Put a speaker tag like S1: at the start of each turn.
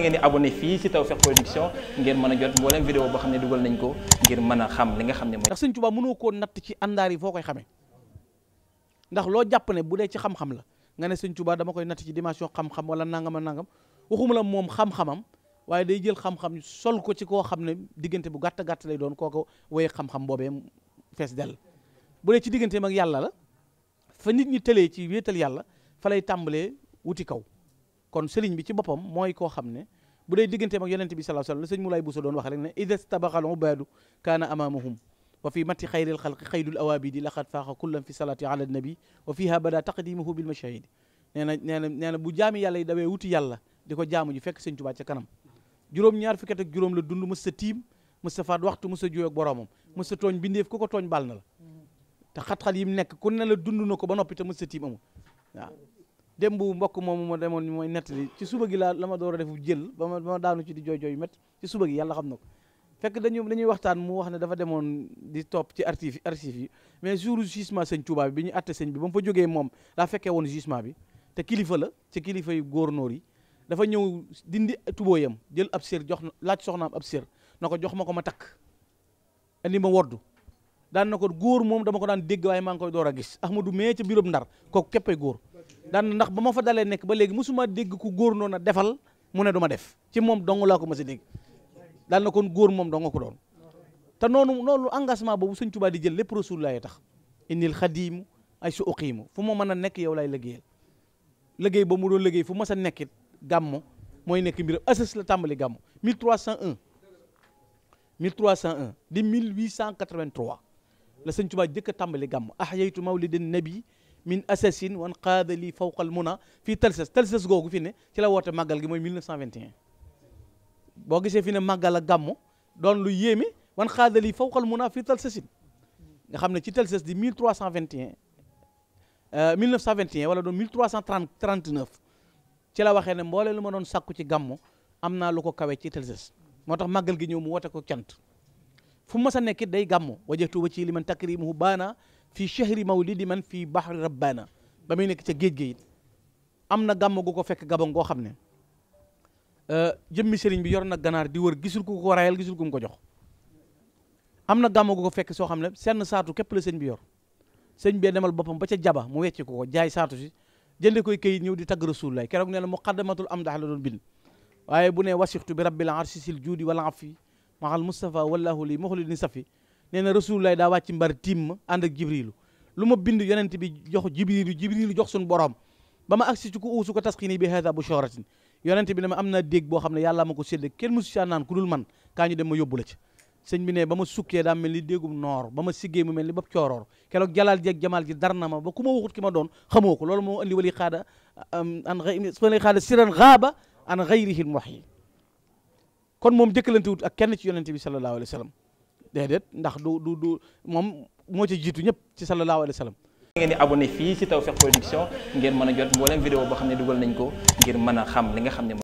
S1: ngeen di abonné fii taw Tawfekh Production ngeen mën a jot mboolem vidéo boo xam ne dugal nañ ko ngir mën a xam li nga xam ne mooy. ndax Sëñ Tuubaa mënoo koo natt ci àndaar yi foo koy xamee ndax loo jàpp ne bu dee ci xam-xam la nga ne Sëñ Tuubaa dama koy natt ci dimension xam-xam wala nangama a nangam waxuma la moom xam-xamam waaye day jël xam-xam sol ko ci koo xam ne diggante bu gàtt gàtt lay doon kooko woye xam-xam boobee fees dell bu dee ci digganteem ak yàlla la fa nit ñi tëlee ci weetal yàlla fa lay tàmbalee wuti kaw kon sëriñ bi ci boppam mooy ko xam ne bu dee digganteem ak yonente bi sallallahu alayhi wasallam la sëñ Moulay Bousso doon wax rek ne ida stabaxal ubadu kaana amaamahum wa fi matti xayril xalqi xaydul awaabidi laqad faaxa kullan fi salaati ala nabi wa fiha bada taqdimuhu bil mashahidi nee na nee na nee na bu jaami yàlla yi dawee wuti yàlla di ko jaamu ji fekk sëñ Tuubaa ca kanam juróom ñaar fukki at ak juróom la dund mës sa tiim mës sa faat waxtu mës sa juyoo ak boroomam mës sa tooñ bindeef ku ko tooñ baal na la te xat-xat yim nekk ku ne la dund na ko ba noppi te sa tiim amul waaw dem démb mbokk moom ma demoon mooy nett nettali ci suba gi laa la ma door a def jël ba ma ba ma daanu ci di jooy jooy métt ci suba gi yàlla xam na ko fekk dañu dañuy waxtaan mu wax ne dafa demoon di topp ci archive archive yi mais jour jugement sëñ Touba bi ñu atte sëñ bi ba mu fa jógee moom daa fekkee woon jugement bi te kilifa la ci kilifa yu góornóor yi dafa ñëw dindi yam jël ab sér jox laaj soxnaam ab sér na ko jox ma ko ma takk andi ma woddu daan na ko góor moom dama k daan dégg waaye maa ngi koy door a gis Ahmadou mee ca biirum Ndar kooku képpay góor daan ndax ba ma fa dalee nekk ba léegi mosuma dégg ku góor noon a defal mu ne du def ci moom dong laa ko mës a dégg daal na kon góor moom dong ko doon te noonu loolu engagement boobu Sëñ Tuubaa di jël lépp Rasulullaah tax innil xadiimu ay su uqiimu fu ma mën a nekk yow laay liggéeyal liggéey ba mu doon liggéey fu mas a nekkit gàmmu nekk mbiram asas la tàmbali gàmmu 1301 1301 di 1883 la Sëñ Tuubaa jëkk a tàmbali gàmmu ahyaytu mawlidin min assasine wan qaada li fawqal muna fii telses telses googu fi ne ci la woote màggal gi mooy 1921 boo gisee fi ne màggal a gàmmu doon lu yéeme wan qaada li fawqal muna fii telsesin nga xam ne ci telses di 1321 1921 euh, wala doon 1339 ci la waxee ne mboolee lu ma doon sàkku ci gàmmu am naa lu ko kawe ci telses moo tax màggal gi ñëw mu woote ko cant fu mu mas a nekk it day gàmmu wajatu wa ci liman takrimuhu baana fii chahri mawlidi man fii bahri rabbana ba muy nekk ca géej ga am na gàmm ko fekk gabon goo xam ne euh, jëmmi sëriñ bi yor na ganaar di wër gisul ku ko rayal gisul ko jox am na gàmm gu ko fekk soo xam ne senn saatu képp la sëñ bi yor sëñ bee demal boppam ba ca jaba mu wecc ko jaay saatu si jënde koy këyit ñëw di tagg rasulullah keroog nee na muqaddamatul am la doon bind waaye bu ne wasixtu bi rabbil arsi sil juudi wala afi mahal mustafa m li muxlini nee na rasulullah daa wàcc mbar tiim ma ànd ak jibrilu lu ma bind yonent bi jox jibrilu jibrilu jox suñu borom ba ma agsi ci ko uusu ko tasxini bi xeeta bu shoratin yonent bi ne ma am naa déeg boo xam ne yàlla ma ko sédd kenn musu caa naan ku dul man kaa dem ma yóbbu la ci sëñ bi ne ba ma sukkee daa mel ni déegum noor ba ma siggee mu mel ni bopp cooroor keroog jalaal jeeg jamaal ji dar na ma ba ku ma waxut ki ma doon xamoo ko loolu moo andi wali xaada an wali xaada siran xaaba an xayrihi muhyi kon moom jëkkalante wut ak kenn ci yonent bi sallallahu alayhi wa sallam déedéet ndax du du du moom moo ci jiitu ñëpp ci sallallahu alayhi wa sallam ngeen di abonné si taw Tawfekh Production ngeen mën a jot mboolem vidéo boo xam ne dugal nañ ko ngir mën a xam li nga xam ne